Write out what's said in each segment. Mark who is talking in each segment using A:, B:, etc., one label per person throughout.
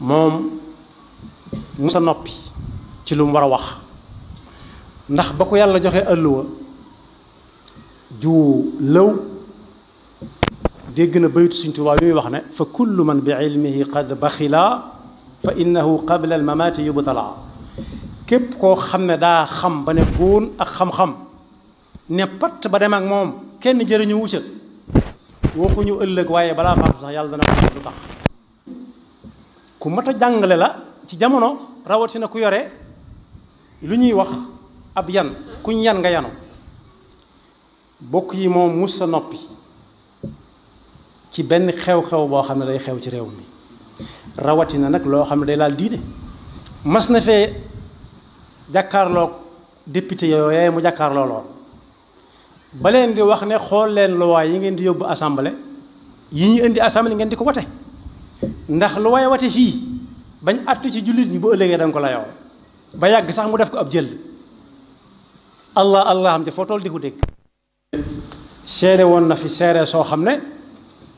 A: mom mu sa nopi ci lu mu wara wax ndax bako yàlla joxe àlluwa ju lëw dégg na baytu Sëriñ Tuubaa bi wax ne fa kullu man bi ilmihi qad baxila fa innahu qabla al mamaati yubtala képp koo xam ne xam ba góon ak xam-xam ne pat ba dem ak moom kenn jëriñu wucca waxuñu ëllëg waaye balaa faatu sax yàlla dana wax tax ku mat a jàngale la ci jamono rawatina ku yore lu ñuy wax ab yan kuñ yan nga yanu bokk yi moom mus sa noppi ci benn xew-xew boo xam ne day xew ci réew mi rawatina nag loo xam ne day laal diine mas na fee jàkkaarloog député yooyee mu jàkkaarloo lool ba leen di wax ne xool leen loi yi ngeen di yóbbu assemblée yi ñuy indi assemblée ngeen di ko wote ndax lu way wate fi bañ attu ci julit ñi bu ëlëgé dang ko la yow ba yag sax mu def ko ab jël allah allah am ci foo tool di ko dégg seere woon na fi séré so xamné ne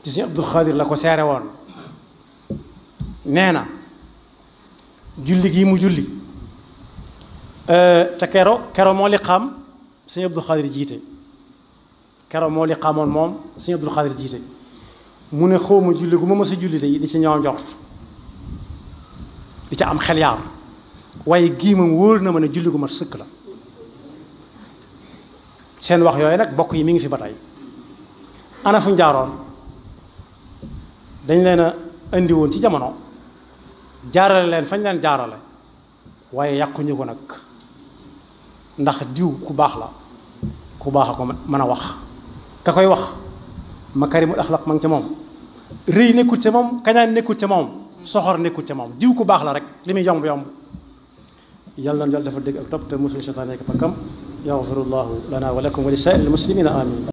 A: ci sëñ Abdul Xaadir la ko séré won néna julli gi mu julli euh ta kero kero mo li xam sëñ abdou khadir jité kero mo li xamone mom sëñ abdou khadir jité mu ne ma julli gu ma mës a yi de di ci ñaaw njort di ca am xel yaar waaye gii moom wóor na ma ne julli gu ma sëkk la seen wax yooyu nag bokk yi mi ngi fi ba tey ana njaaroon dañ leen a indi woon ci jamono jaarale leen fañ leen jaarale waaye yàquñu ko nag ndax diw ku baax la ku baax a ko mën a wax ka koy wax makarimul akhlaq mang ci mom reey rëy ci mom moom kañaan nekkul ca moom soxor nekkul ci mom diw ku bax la rek limi yomb yomb yàlla na dafa dégg ak top te musul seytaane ak pakam yaxfirullahu lana wa lakum wa lisa'il muslimina amin